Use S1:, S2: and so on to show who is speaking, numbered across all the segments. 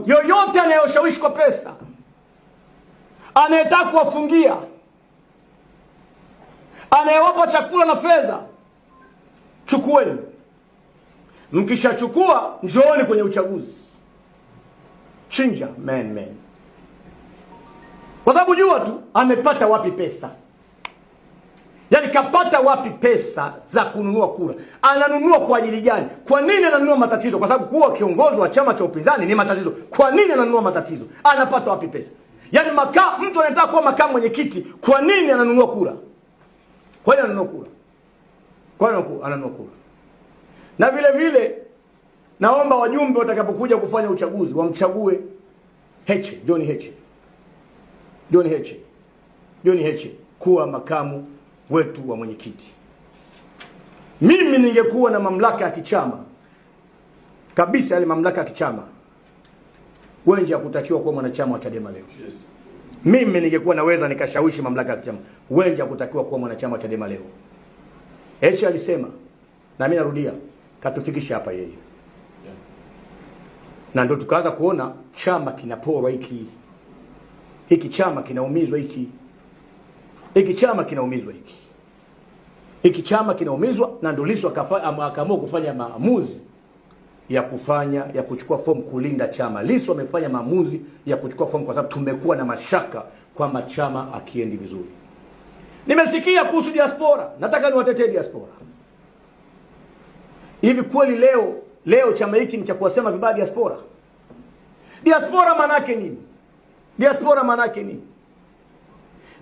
S1: Yoyote anayoshawishi kwa pesa, anayetaka kuwafungia, anayewapa chakula na fedha, chukueni. Mkishachukua njooni kwenye uchaguzi, chinja men men, kwa sababu jua tu amepata wapi pesa. Yaani kapata wapi pesa za kununua kura? Ananunua kwa ajili gani? Kwa nini ananunua matatizo? Kwa sababu kuwa kiongozi wa chama cha upinzani ni matatizo. Kwa nini ananunua matatizo? Anapata wapi pesa? Yaani maka, mtu anataka kuwa makamu mwenyekiti, kwa nini ananunua kura? Kwa nini ananunua kura? Kwa nini ananunua kura? Na vile vile naomba wajumbe watakapokuja kufanya uchaguzi wamchague Heche, John Heche. John Heche. John Heche kuwa makamu wetu wa mwenyekiti. Mimi ningekuwa na mamlaka ya kichama kabisa, yale mamlaka ya kichama, Wenje hakutakiwa kuwa mwanachama wa Chadema leo yes. Mimi ningekuwa naweza nikashawishi mamlaka ya kichama, Wenje hakutakiwa kuwa mwanachama wa Chadema leo. Heche alisema na mimi narudia, katufikisha hapa yeye yeah. na ndio tukaanza kuona chama kinaporwa hiki hiki, chama kinaumizwa hiki hiki chama kinaumizwa hiki hiki chama kinaumizwa, na ndo Lissu akaamua kufanya maamuzi ya kufanya ya kuchukua fomu kulinda chama. Lissu amefanya maamuzi ya kuchukua fomu kwa sababu tumekuwa na mashaka kwamba chama akiendi vizuri. Nimesikia kuhusu diaspora, nataka niwatetee diaspora. Hivi kweli leo leo chama hiki ni cha kuwasema vibaya diaspora? Diaspora maanake nini? Diaspora maanake nini?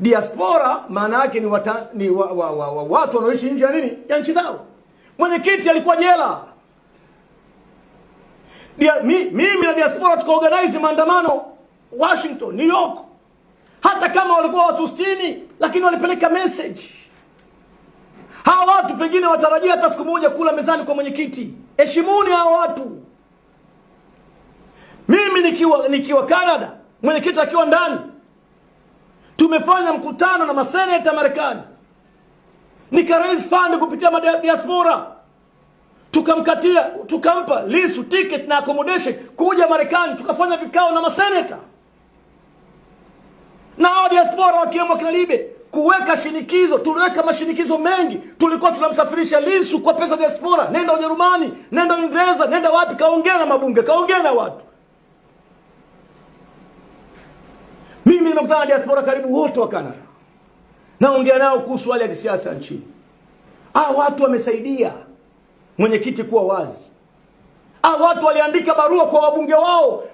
S1: Diaspora maana yake ni, wata, ni wa, wa, wa, wa, watu wanaoishi nje ya nini ya nchi zao. Mwenyekiti alikuwa jela. Dia, mi, mimi na diaspora tukaorganize maandamano Washington, New York. Hata kama walikuwa watu 60 lakini walipeleka message. Hawa watu pengine watarajia hata siku moja kula mezani kwa mwenyekiti. Heshimuni hawa watu. Mimi nikiwa nikiwa Canada, mwenyekiti akiwa ndani tumefanya mkutano na maseneta Marekani, nikaraise fund kupitia madiaspora, tukamkatia tukampa Lisu ticket na accommodation kuja Marekani, tukafanya vikao na maseneta na hao diaspora wakiwemo kina Libe kuweka shinikizo. Tuliweka mashinikizo mengi, tulikuwa tunamsafirisha Lisu kwa pesa diaspora, nenda Ujerumani, nenda Uingereza, nenda wapi, kaongea na mabunge, kaongea na watu Mimi nimekutana na diaspora karibu wote wa Canada, naongea nao kuhusu hali ya kisiasa nchini. a watu wamesaidia mwenyekiti kuwa wazi. a watu waliandika barua kwa wabunge wao.